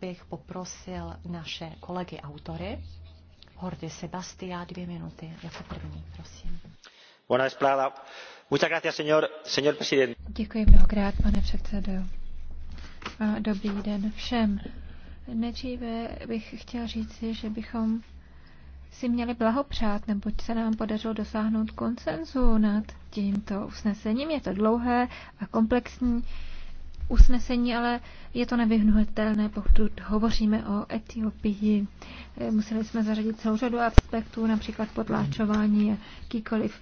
bych poprosil naše kolegy autory. Hordy Sebastia, dvě minuty jako první, prosím. Buena esplada. Muchas gracias, señor, señor presidente. Děkuji mnohokrát, pane předsedo. A dobrý den všem. Nejdříve bych chtěl říci, že bychom si měli blahopřát, neboť se nám podařilo dosáhnout konsenzu nad tímto usnesením. Je to dlouhé a komplexní usnesení, ale je to nevyhnutelné, pokud hovoříme o Etiopii. Museli jsme zařadit celou řadu aspektů, například potláčování jakýkoliv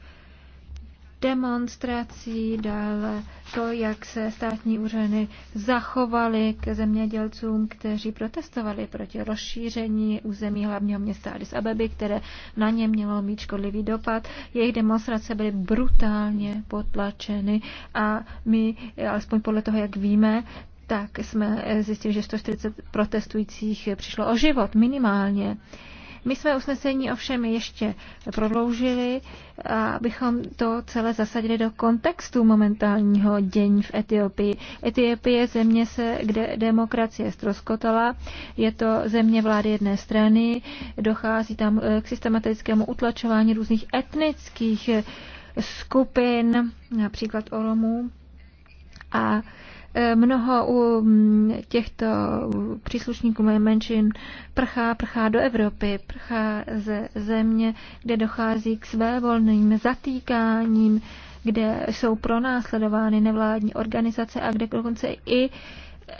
demonstrací, dále to, jak se státní úřady zachovaly k zemědělcům, kteří protestovali proti rozšíření území hlavního města Addis Abeby, které na ně mělo mít škodlivý dopad. Jejich demonstrace byly brutálně potlačeny a my, alespoň podle toho, jak víme, tak jsme zjistili, že 140 protestujících přišlo o život minimálně. Uh, my své usnesení ovšem ještě prodloužili, abychom to celé zasadili do kontextu momentálního dění v Etiopii. Etiopie je země, se, kde demokracie ztroskotala, je to země vlády jedné strany, dochází tam eh, k systematickému utlačování různých etnických eh, skupin, například Oromů. A Eh, mnoho u mm, těchto příslušníků menšin prchá, prchá do Evropy, prchá ze země, kde dochází k svévolným zatýkáním, kde jsou pronásledovány nevládní organizace a kde dokonce i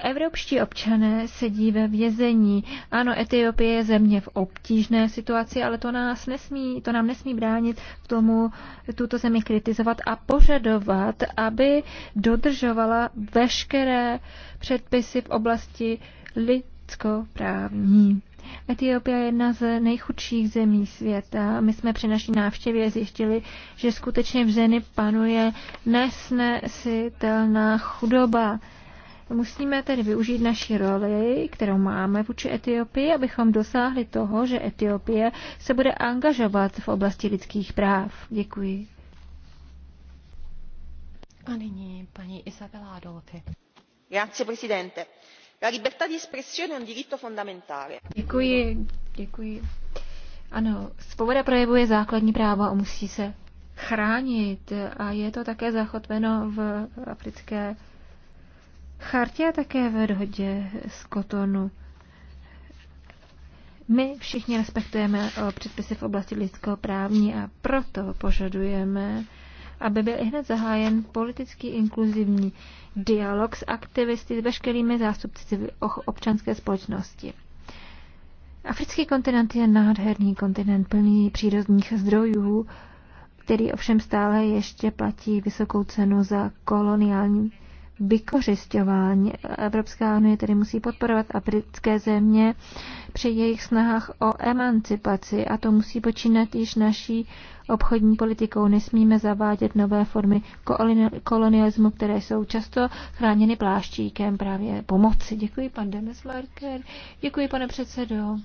Evropští občané sedí ve vězení. Ano, Etiopie je země v obtížné situaci, ale to, nás nesmí, to nám nesmí bránit v tomu tuto zemi kritizovat a požadovat, aby dodržovala veškeré předpisy v oblasti lidskoprávní. Etiopie je jedna z nejchudších zemí světa. My jsme při naší návštěvě zjistili, že skutečně v zemi panuje nesnesitelná chudoba Musíme tedy využít naši roli, kterou máme vůči Etiopii, abychom dosáhli toho, že Etiopie se bude angažovat v oblasti lidských práv. Děkuji. A nyní paní Isabela Adolfi. Grazie, presidente. La libertà di espressione è un diritto fondamentale. Děkuji, děkuji. Ano, svoboda projevu je základní právo a musí se chránit. A je to také zachotveno v africké chartě také ve dohodě z Kotonu. My všichni respektujeme o eh, předpisy v oblasti lidského právní a proto požadujeme, aby byl i hned zahájen politický inkluzivní dialog s aktivisty, s veškerými zástupci občanské společnosti. Africký kontinent je nádherný kontinent plný přírodních zdrojů, který ovšem stále ještě platí vysokou cenu za koloniální vykořišťování. Evropská unie tedy musí podporovat africké země při jejich snahách o emancipaci a to musí počínat již naší obchodní politikou. Nesmíme zavádět nové formy kolonialismu, které jsou často chráněny pláštíkem právě pomoci. Děkuji, pan Demesmarker. Děkuji, pane předsedo.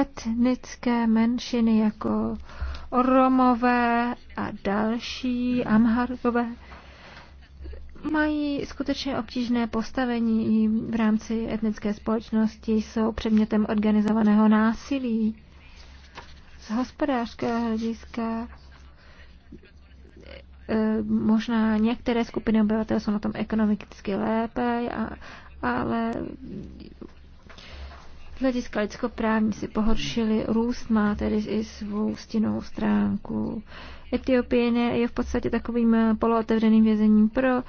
Etnické menšiny jako Romové a další Amharové mají skutečně obtížné postavení v rámci etnické společnosti, jsou předmětem organizovaného násilí. Z hospodářského hlediska e, možná některé skupiny obyvatel jsou na tom ekonomicky lépe, ale z hlediska lidskoprávní si pohoršili, růst má tedy i svou stinnou stránku. Etiopie je v podstatě takovým polootevřeným vězením pro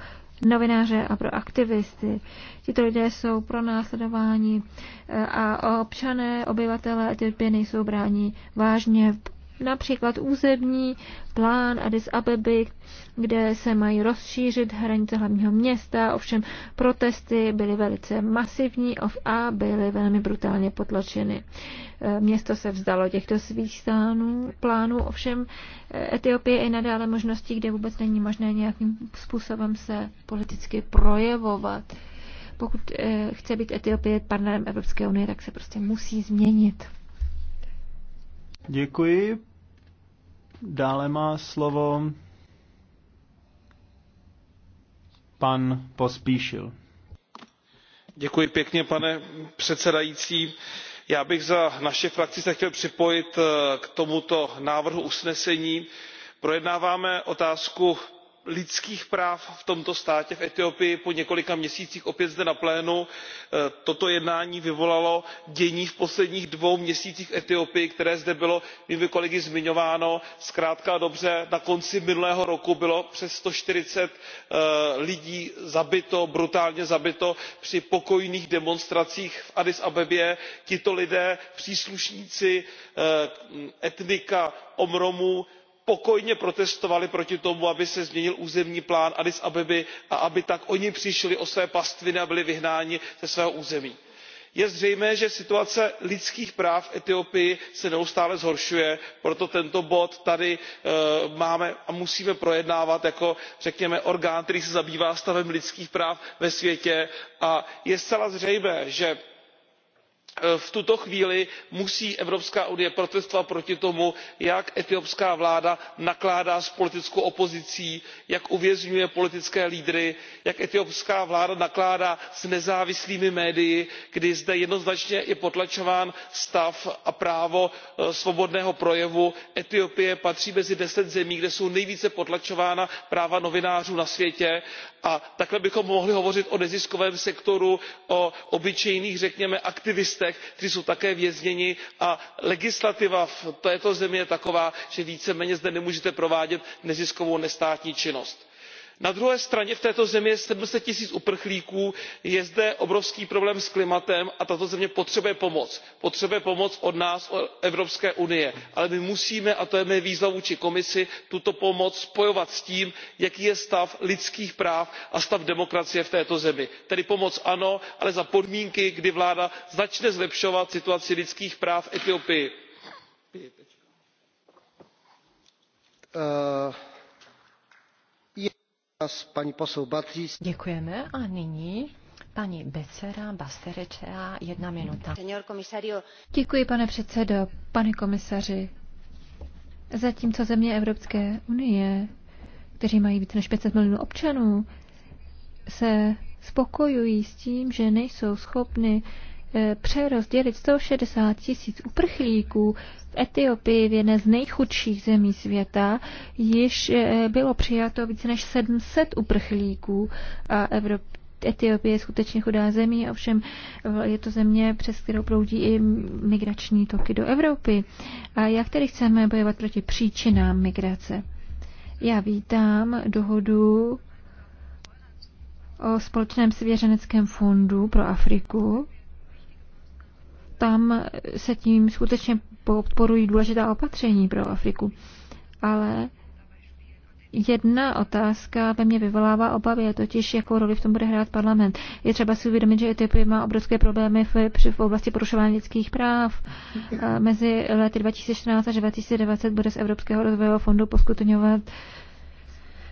novináře a pro aktivisty. Tito lidé jsou pro následování eh, a občané, obyvatelé Etiopie nejsou bráni vážně například územní plán Addis Abeby, kde se mají rozšířit hranice hlavního města, ovšem protesty byly velice masivní a byly velmi brutálně potlačeny. Eh, město se vzdalo těchto svých stánů, plánů, ovšem eh, Etiopie je nadále možností, kde vůbec není možné nějakým způsobem se politicky projevovat. Pokud eh, chce být Etiopie partnerem Evropské unie, tak se prostě musí změnit. Děkuji. Dále má slovo pan Pospíšil. Děkuji pěkně, pane předsedající. Já bych za naše frakci se chtěl připojit eh, k tomuto návrhu usnesení. Projednáváme otázku lidských práv v tomto státě v etiopii po několika měsících opět zde na plénu. E, toto jednání vyvolalo dění v posledních dvou měsících v etiopii které zde bylo mými kolegy zmiňováno. zkrátka a dobře na konci minulého roku bylo přes sto čtyřicet e, lidí zabito brutálně zabito při pokojných demonstracích v addis abebě. tito lidé příslušníci e, etnika omromů pokojně protestovali proti tomu aby se změnil územní plán addis abeby a aby tak oni přišli o své pastviny a byli vyhnáni ze svého území. je zřejmé že situace lidských práv v etiopii se neustále zhoršuje proto tento bod tady eh, máme a musíme projednávat jako řekněme orgán který se zabývá stavem lidských práv ve světě a je zcela zřejmé že Eh, v tuto chvíli musí evropská unie protestovat proti tomu jak etiopská vláda nakládá s politickou opozicí jak uvězňuje politické lídry jak etiopská vláda nakládá s nezávislými médii kdy zde jednoznačně je potlačován stav a právo eh, svobodného projevu. etiopie patří mezi deset zemí kde jsou nejvíce potlačována práva novinářů na světě a takhle bychom mohli hovořit o neziskovém sektoru o obyčejných řekněme aktivistech teroristech kteří jsou také vězněni a legislativa v této zemi je taková že víceméně zde nemůžete provádět neziskovou nestátní činnost na druhé straně v této zemi je seven hundred tisíc uprchlíků je zde obrovský problém s klimatem a tato země potřebuje pomoc potřebuje pomoc od nás od evropské unie ale my musíme a to je moje výzva vůči komisi tuto pomoc spojovat s tím jaký je stav lidských práv a stav demokracie v této zemi. tedy pomoc ano ale za podmínky kdy vláda začne zlepšovat situaci lidských práv v etiopii. Eh, Paní Děkujeme a nyní paní Becera Basterečea, jedna minuta. Děkuji, pane předsedo, pane komisaři. Zatímco země Evropské unie, kteří mají více než 500 milionů občanů, se spokojují s tím, že nejsou schopny Eh, přerozdělit 160 tisíc uprchlíků v Etiopii, v jedné z nejchudších zemí světa, již eh, bylo přijato více než 700 uprchlíků a Evropa Etiopie je skutečně chudá zemí, ovšem eh, je to země, přes kterou proudí i migrační toky do Evropy. A jak tedy chceme bojovat proti příčinám migrace? Já vítám dohodu o společném svěřeneckém fondu pro Afriku, tam se tím skutečně podporují důležitá opatření pro Afriku. Ale jedna otázka ve mě vyvolává obavy, totiž jakou roli v tom bude hrát parlament. Je třeba si uvědomit, že Etiopie má obrovské problémy v, v oblasti porušování lidských práv. Mezi lety 2014 až 2020 bude z Evropského rozvojového fondu poskutňovat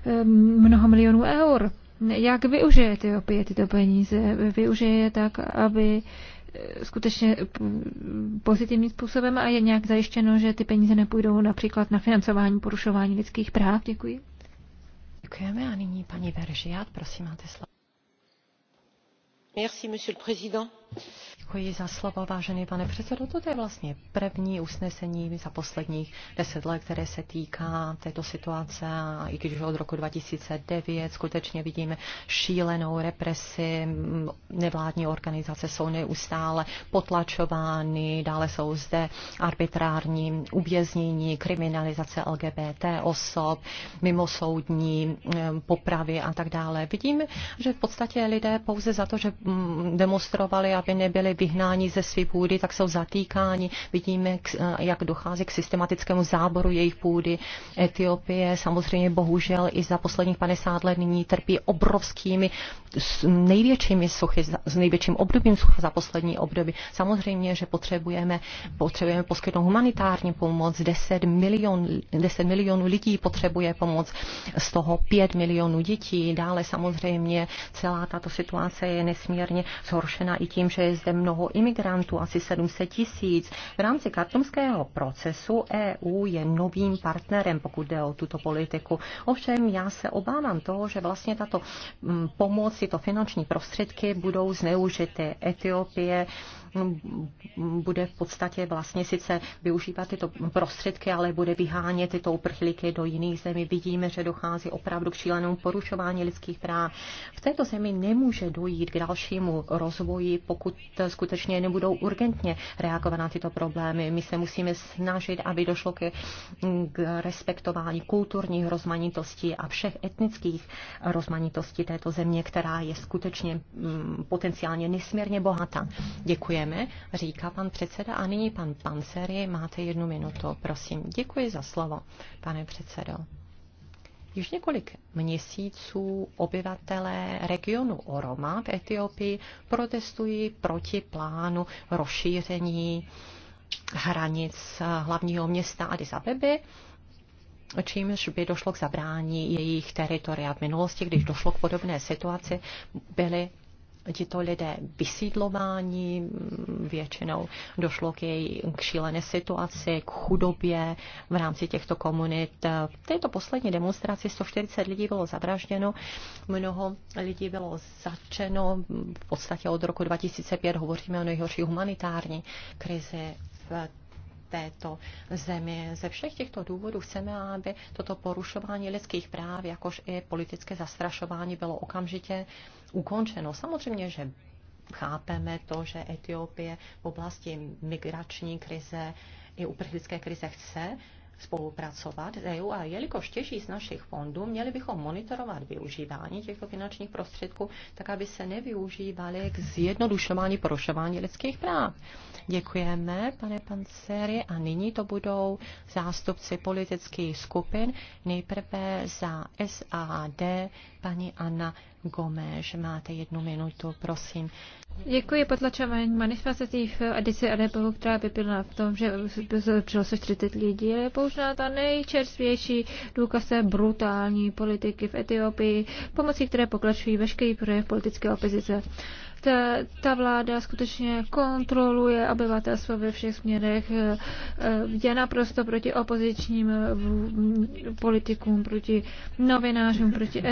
ehm, mnoho milionů eur. Jak využije Etiopie tyto peníze? Využije je tak, aby skutečně pozitivním způsobem a je nějak zajištěno, že ty peníze nepůjdou například na financování porušování lidských práv? Děkuji. Děkujeme a nyní paní Veržiat, prosím, máte slovo. Merci, monsieur le président Děkuji za slovo, vážený pane předsedo. Toto je vlastně první usnesení za posledních deset let, které se týká této situace. i když od roku 2009 skutečně vidíme šílenou represi, nevládní organizace jsou neustále potlačovány, dále jsou zde arbitrární uvěznění, kriminalizace LGBT osob, mimosoudní eh, popravy a tak dále. Vidíme, že v podstatě lidé pouze za to, že mm, demonstrovali, aby nebyli vyhnáni ze své půdy, tak jsou zatýkáni. Vidíme, eh, jak dochází k systematickému záboru jejich půdy. Etiopie samozřejmě bohužel i za posledních 50 let nyní trpí obrovskými, největšími suchy, s největším obdobím sucha za poslední období. Samozřejmě, že potřebujeme, potřebujeme poskytnout humanitární pomoc. 10, milion, 10 milionů lidí potřebuje pomoc, z toho 5 milionů dětí. Dále samozřejmě celá tato situace je nesmírně zhoršena i tím, že je zde mnoho imigrantů, asi 700 tisíc. V rámci kartumského procesu EU je novým partnerem, pokud jde o tuto politiku. Ovšem já se obávám toho, že vlastně tato mm, pomoc, tyto finanční prostředky budou zneužity. Etiopie mm, bude v podstatě vlastně sice využívat tyto prostředky, ale bude vyhánět tyto uprchlíky do jiných zemí. Vidíme, že dochází opravdu k šílenému porušování lidských práv. V této zemi nemůže dojít k dalšímu rozvoji, pokud skutečně nebudou urgentně reagovat na tyto problémy. My se musíme snažit, aby došlo ke, k respektování kulturních rozmanitostí a všech etnických rozmanitostí této země, která je skutečně mm, potenciálně nesmírně bohatá. Děkujeme, říká pan předseda. A nyní pan Panseri, máte jednu minutu, prosím. Děkuji za slovo, pane předsedo. Již několik měsíců obyvatelé regionu Oroma v Etiopii protestují proti plánu rozšíření hranic hlavního města Addis Abeby, čímž by došlo k zabrání jejich teritoria. V minulosti, když došlo k podobné situaci, byly tito lidé vysídlování, mm, většinou došlo k její k šílené situaci, k chudobě v rámci těchto komunit. V této poslední demonstraci 140 lidí bylo zavražděno, mnoho lidí bylo zatčeno, v podstatě od roku 2005 hovoříme o nejhorší humanitární krizi v této zemi. Ze všech těchto důvodů chceme, aby toto porušování lidských práv, jakož i politické zastrašování bylo okamžitě ukončeno. Samozřejmě, že chápeme to, že Etiopie v oblasti migrační krize i uprchlické krize chce spolupracovat s EU a jelikož těží z našich fondů, měli bychom monitorovat využívání těchto finančních prostředků, tak aby se nevyužívaly k zjednodušování porušování lidských práv. Děkujeme, pane Panceri, a nyní to budou zástupci politických skupin, nejprve za SAD paní Anna Gomeš. Máte jednu minutu, prosím. Děkuji potlačování manifestací v Adici Adepohu, která by byla v tom, že přilo se 40 lidí. Je použná ta nejčerstvější důkaz té brutální politiky v Etiopii, pomocí které pokračují veškerý projev politické opozice ta, ta vláda skutečně kontroluje obyvatelstvo ve všech směrech, eh, eh, je naprosto proti opozičním eh, politikům, proti novinářům, proti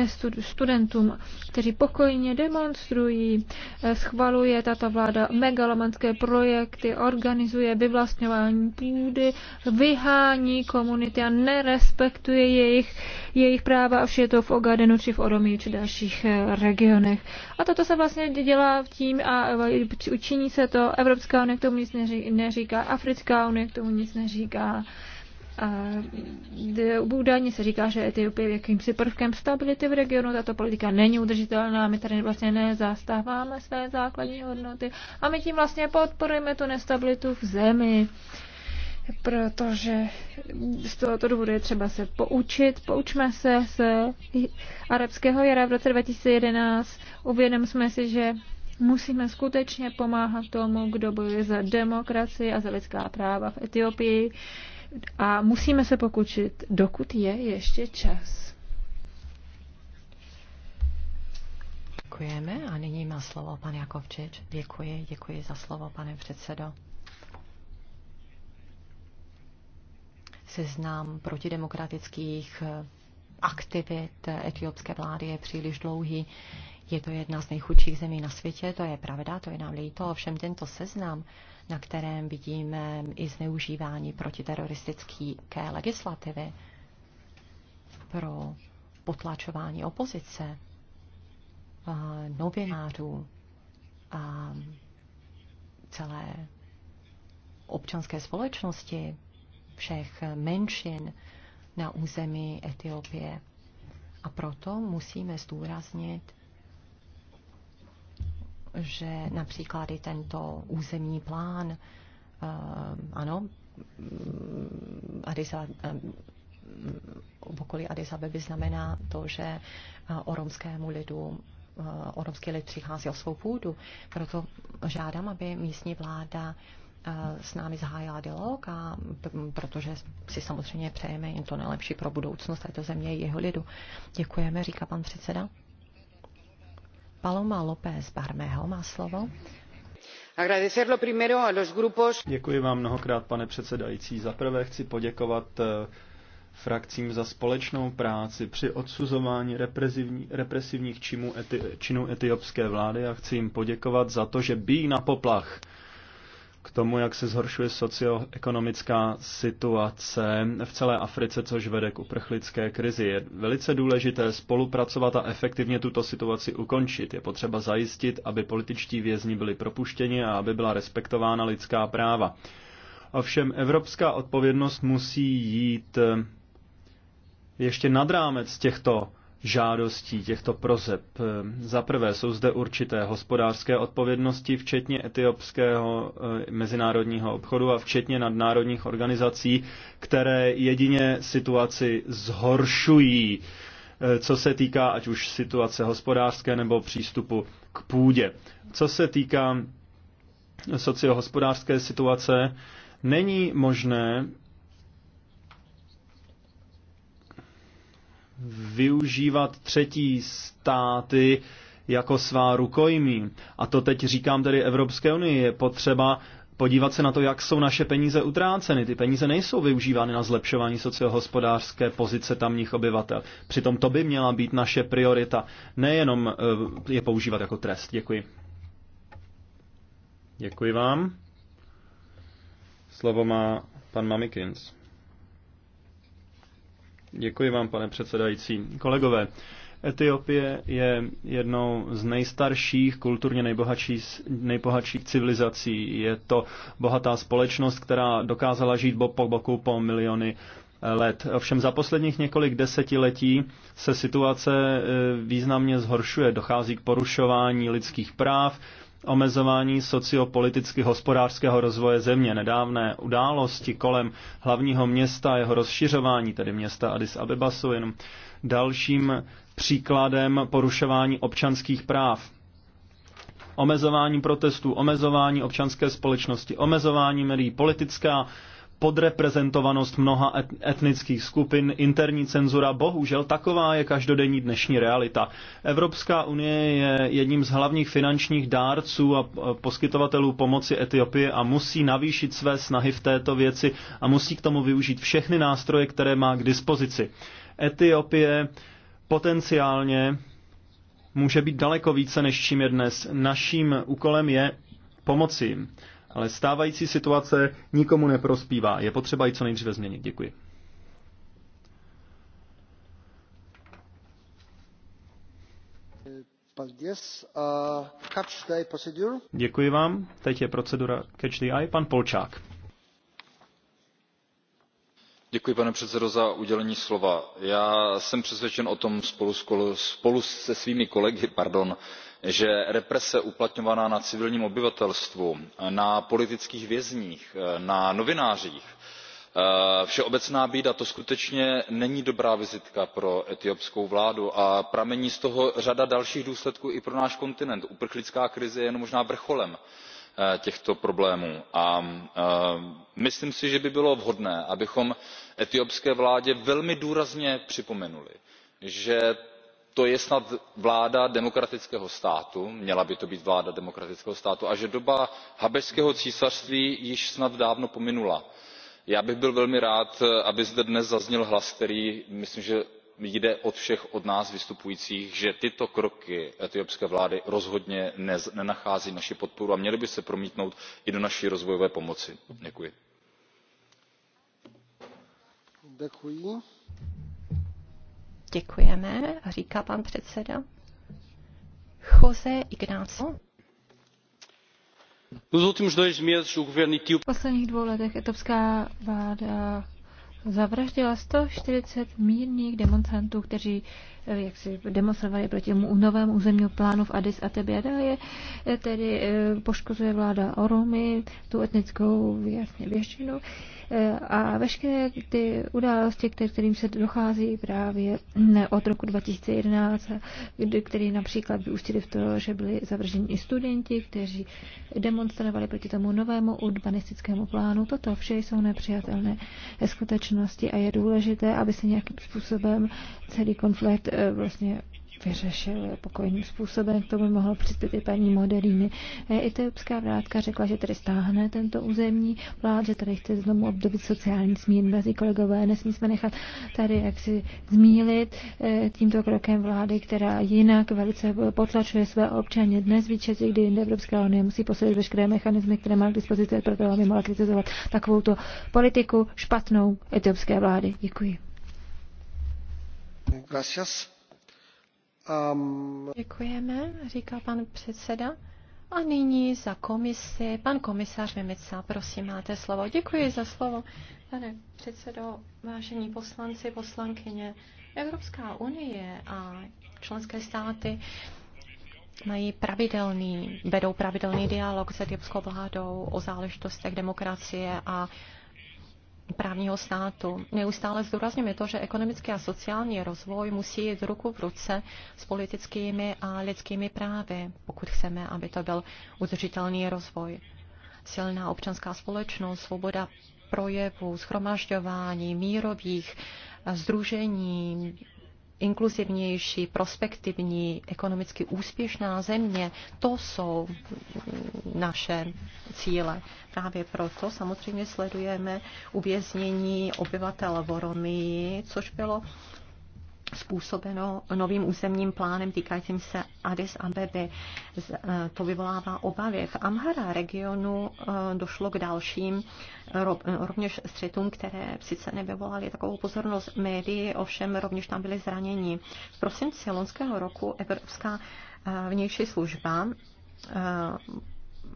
studentům, kteří pokojně demonstrují, schvaluje tato vláda megalomanské projekty, organizuje vyvlastňování půdy, vyhání komunity a nerespektuje jejich, jejich práva, až je to v Ogadenu či v Oromí či dalších regionech. A toto se vlastně dělá v tím a e, učiní se to. Evropská unie k tomu nic neříká, Africká unie k tomu nic neříká. A e, údajně se říká, že Etiopie je jakýmsi prvkem stability v regionu, tato politika není udržitelná, my tady vlastně nezastáváme své základní hodnoty a my tím vlastně podporujeme tu nestabilitu v zemi protože z tohoto důvodu je třeba se poučit. Poučme se z arabského jara v roce 2011. Uvědomíme si, že Musíme skutečně pomáhat tomu, kdo bojuje za demokracii a za lidská práva v Etiopii a musíme se pokučit, dokud je ještě čas. Děkujeme a nyní má slovo pan Jakovčič. Děkuji, děkuji za slovo, pane předsedo. Seznam protidemokratických aktivit etiopské vlády je příliš dlouhý. Je to jedna z nejchudších zemí na světě, to je pravda, to je nám líto, ovšem tento seznam, na kterém vidíme i zneužívání protiteroristické legislativy pro potlačování opozice, novinářů a celé občanské společnosti, všech menšin na území Etiopie. A proto musíme zdůraznit že například i tento územní plán, eh, ano, mm, Adisa, eh, mm, v okolí Addis Abeby znamená to, že eh, o romskému lidu o romský lid přichází o svou půdu. Proto žádám, aby místní vláda s námi zahájila dialog, a, protože si samozřejmě přejeme jim to nejlepší pro budoucnost této země i jeho lidu. Děkujeme, říká pan předseda. Paloma López má slovo. Děkuji vám mnohokrát, pane předsedající. Za prvé chci poděkovat eh, frakcím za společnou práci při odsuzování represivních činů, činů etiopské vlády a chci jim poděkovat za to, že bíjí na poplach k tomu, jak se zhoršuje socioekonomická situace v celé Africe, což vede k uprchlické krizi. Je velice důležité spolupracovat a efektivně tuto situaci ukončit. Je potřeba zajistit, aby političtí vězni byli propuštěni a aby byla respektována lidská práva. Ovšem evropská odpovědnost musí jít eh, ještě nad rámec těchto žádostí těchto prozeb. Ehm, za prvé jsou zde určité hospodářské odpovědnosti, včetně etiopského eh, mezinárodního obchodu a včetně nadnárodních organizací, které jedině situaci zhoršují, eh, co se týká ať už situace hospodářské nebo přístupu k půdě. Co se týká sociohospodářské situace, není možné využívat třetí státy jako svá rukojmí. A to teď říkám tedy Evropské unii. Je potřeba podívat se na to, jak jsou naše peníze utráceny. Ty peníze nejsou využívány na zlepšování sociohospodářské pozice tamních obyvatel. Přitom to by měla být naše priorita. Nejenom eh, je používat jako trest. Děkuji. Děkuji vám. Slovo má pan Mamikins. Děkuji vám, pane předsedající. Kolegové, Etiopie je jednou z nejstarších, kulturně nejbohatší, nejbohatších civilizací. Je to bohatá společnost, která dokázala žít bok po boku po miliony eh, let. Ovšem za posledních několik desetiletí se situace eh, významně zhoršuje. Dochází k porušování lidských práv, omezování sociopoliticky hospodářského rozvoje země. Nedávné události kolem hlavního města, jeho rozšiřování, tedy města Addis Abeba, jsou jenom dalším příkladem porušování občanských práv. Omezování protestů, omezování občanské společnosti, omezování médií, politická podreprezentovanost mnoha etnických skupin, interní cenzura, bohužel taková je každodenní dnešní realita. Evropská unie je jedním z hlavních finančních dárců a poskytovatelů pomoci Etiopie a musí navýšit své snahy v této věci a musí k tomu využít všechny nástroje, které má k dispozici. Etiopie potenciálně může být daleko více než čím je dnes. Naším úkolem je pomoci jim ale stávající situace nikomu neprospívá. Je potřeba ji co nejdříve změnit. Děkuji. Děkuji vám. Teď je procedura Catch the Eye. Pan Polčák. Děkuji, pane za slova. já jsem přesvědčen o tom spolu, spolu se svými kolegy pardon, že represe uplatňovaná na civilním obyvatelstvu na politických vězních na novinářích eh, všeobecná bída to skutečně není dobrá vizitka pro etiopskou vládu a pramení z toho řada dalších důsledků i pro náš kontinent. uprchlická krize je jen možná vrcholem eh, těchto problémů a eh, myslím si že by bylo vhodné abychom etiopské vládě velmi důrazně připomenuli že to je snad vláda demokratického státu měla by to být vláda demokratického státu a že doba habsburského císařství již snad dávno pominula. já bych byl velmi rád aby zde dnes zazněl hlas který myslím že jde od všech od nás vystupujících že tyto kroky etiopské vlády rozhodně nenachází naši podporu a měly by se promítnout i do naší rozvojové pomoci. děkuji. Děkujeme, říká pan předseda. Jose Ignacio. Nos últimos dois meses, o governo etíope... V posledních dvou letech etopská vláda zavraždila 140 mírných demonstrantů, kteří eh, jak si demonstrovali proti tomu novému územního plánu v Addis a je eh, tedy eh, poškozuje vláda Oromy, tu etnickou jasně většinu. A veškeré ty události, kterým se dochází právě hm, od roku 2011, které například vyústily v to, že byli zavrženi i studenti, kteří demonstrovali proti tomu novému urbanistickému plánu, toto vše jsou nepřijatelné skutečnosti společnosti a je důležité, aby se nějakým způsobem celý konflikt eh, vlastně vyřešil pokojným způsobem. K tomu mohla přispět i paní Moderíny. E, etiopská vládka řekla, že tady stáhne tento územní vlád, že tady chce znovu obdobit sociální smír mezi kolegové. Nesmí jsme nechat tady jak si zmílit e, tímto krokem vlády, která jinak velice potlačuje své občany. Dnes více, kdy jinde Evropská unie musí posilit veškeré mechanizmy, které má k dispozici, proto aby mohla kritizovat takovouto politiku špatnou etiopské vlády. Děkuji. Gracias. Um... Děkujeme, říká pan předseda. A nyní za komisi, pan komisař Vimica, prosím, máte slovo. Děkuji za slovo. Pane předsedo, vážení poslanci, poslankyně, Evropská unie a členské státy mají pravidelný, vedou pravidelný dialog s etiopskou vládou o záležitostech demokracie a právního státu. Neustále zdůrazňujeme to, že ekonomický a sociální rozvoj musí jít ruku v ruce s politickými a lidskými právy, pokud chceme, aby to byl udržitelný rozvoj. Silná občanská společnost, svoboda projevu, schromažďování, mírových združení, eh, inkluzivnější, prospektivní, ekonomicky úspěšná země, to jsou naše cíle. Právě proto samozřejmě sledujeme uvěznění obyvatel Voromii, což bylo způsobeno novým územním plánem týkajícím se Addis Abeby. Eh, to vyvolává obavy. V Amhara regionu eh, došlo k dalším eh, rovněž střetům, které sice nevyvolaly takovou pozornost médií, ovšem rovněž tam byly zranění. V prosinci loňského roku Evropská vnější služba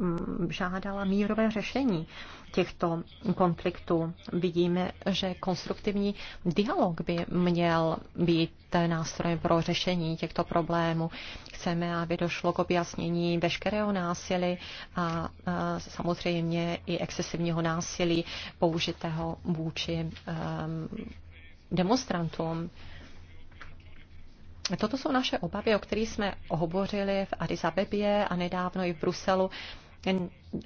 Mm, žádala mírové řešení těchto konfliktů. Vidíme, že konstruktivní dialog by měl být nástrojem pro řešení těchto problémů. Chceme, aby došlo k objasnění veškerého násilí a, samozřejmě i excesivního násilí použitého vůči ehm, demonstrantům. Toto jsou naše obavy, o kterých jsme hovořili v Addis Abebě a nedávno i v Bruselu,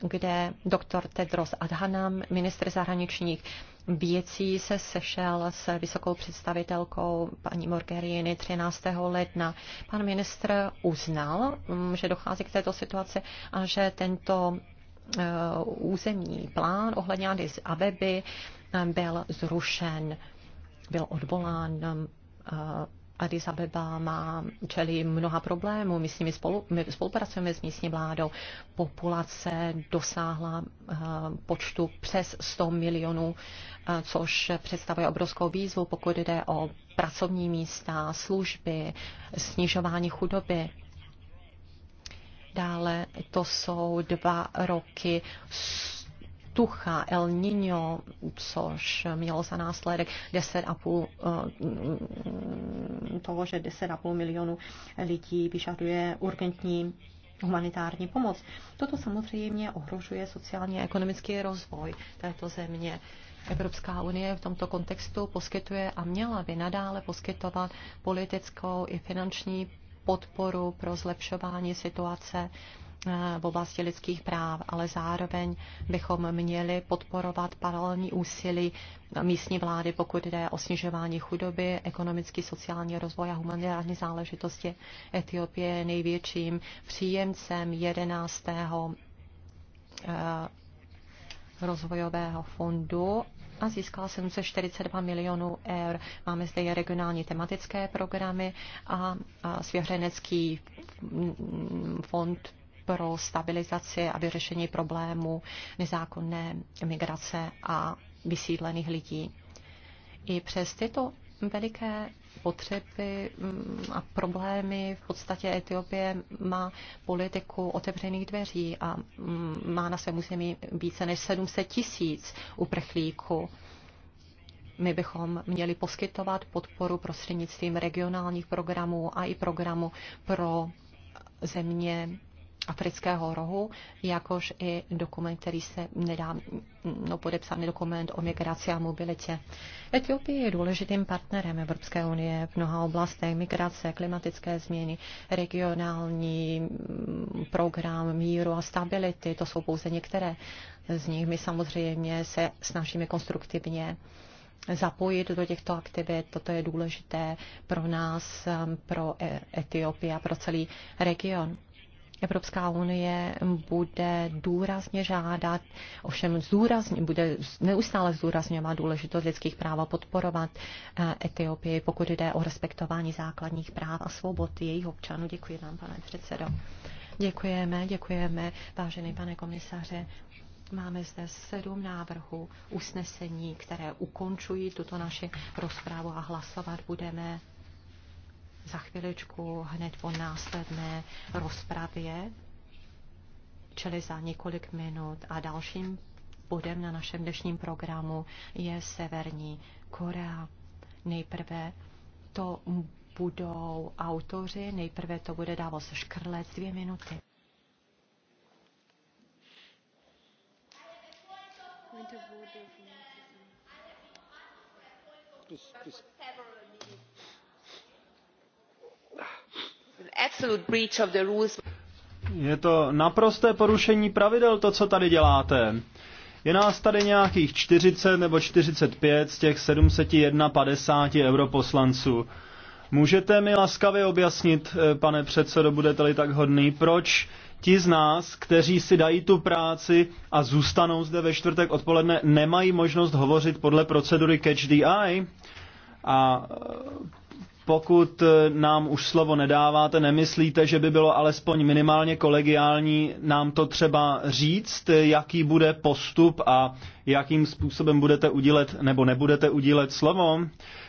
kde doktor Tedros Adhanam, ministr zahraničních věcí, se sešel s vysokou představitelkou paní Morgerini 13. ledna. Pan ministr uznal, mm, že dochází k této situaci a že tento eh, územní plán ohledně Addis Abeby eh, byl zrušen, byl odvolán eh, Addis Abeba má čelí mnoha problémů. My s nimi spolu, my spolupracujeme s místní vládou. Populace dosáhla eh, počtu přes 100 milionů, eh, což představuje obrovskou výzvu, pokud jde o pracovní místa, služby, snižování chudoby. Dále to jsou dva roky sucha, El Niño, což mělo za následek 10,5 eh, toho, že 10,5 milionu lidí vyžaduje urgentní humanitární pomoc. Toto samozřejmě ohrožuje sociálně a ekonomický rozvoj této země. Evropská unie v tomto kontextu poskytuje a měla by nadále poskytovat politickou i finanční podporu pro zlepšování situace Eh, v oblasti lidských práv, ale zároveň bychom měli podporovat paralelní úsilí místní vlády, pokud jde o snižování chudoby, ekonomický, sociální rozvoj a humanitární záležitosti. Etiopie je největším příjemcem 11. Eh, rozvojového fondu a získala 742 milionů eur. Máme zde i regionální tematické programy a svěřenecký fond pro stabilizaci a vyřešení problému nezákonné migrace a vysídlených lidí. I přes tyto veliké potřeby mm, a problémy. V podstatě Etiopie má politiku otevřených dveří a mm, má na svém území více než 700 tisíc uprchlíků. My bychom měli poskytovat podporu prostřednictvím regionálních programů a i programu pro země afrického rohu, jakož i dokument, který se nedá, no podepsaný dokument o migraci a mobilitě. Etiopie je důležitým partnerem Evropské unie v mnoha oblastech migrace, klimatické změny, regionální mm, program míru a stability, to jsou pouze některé z nich. My samozřejmě se snažíme konstruktivně zapojit do těchto aktivit. Toto je důležité pro nás, pro Etiopii a pro celý region. Evropská unie bude důrazně žádat, ovšem zúrazně, bude neustále zdůrazňovat důležitost lidských práv a podporovat eh, Etiopii, pokud jde o respektování základních práv a svobod jejich občanů. Děkuji vám, pane předsedo. Děkujeme, děkujeme, vážený pane komisaře. Máme zde sedm návrhů usnesení, které ukončují tuto naši rozprávu a hlasovat budeme za chviličku hned po následné rozpravě, čili za několik minut. A dalším bodem na našem dnešním programu je Severní Korea. Nejprve to budou autoři, nejprve to bude Davos Škrlec dvě minuty. Please, please. Je to naprosté porušení pravidel, to, co tady děláte. Je nás tady nějakých 40 nebo 45 z těch 751 europoslanců. Můžete mi laskavě objasnit, eh, pane předsedo, budete-li tak hodný, proč ti z nás, kteří si dají tu práci a zůstanou zde ve čtvrtek odpoledne, nemají možnost hovořit podle procedury Catch the Eye? A pokud eh, nám už slovo nedáváte, nemyslíte, že by bylo alespoň minimálně kolegiální nám to třeba říct, eh, jaký bude postup a jakým způsobem budete udílet nebo nebudete udílet slovo?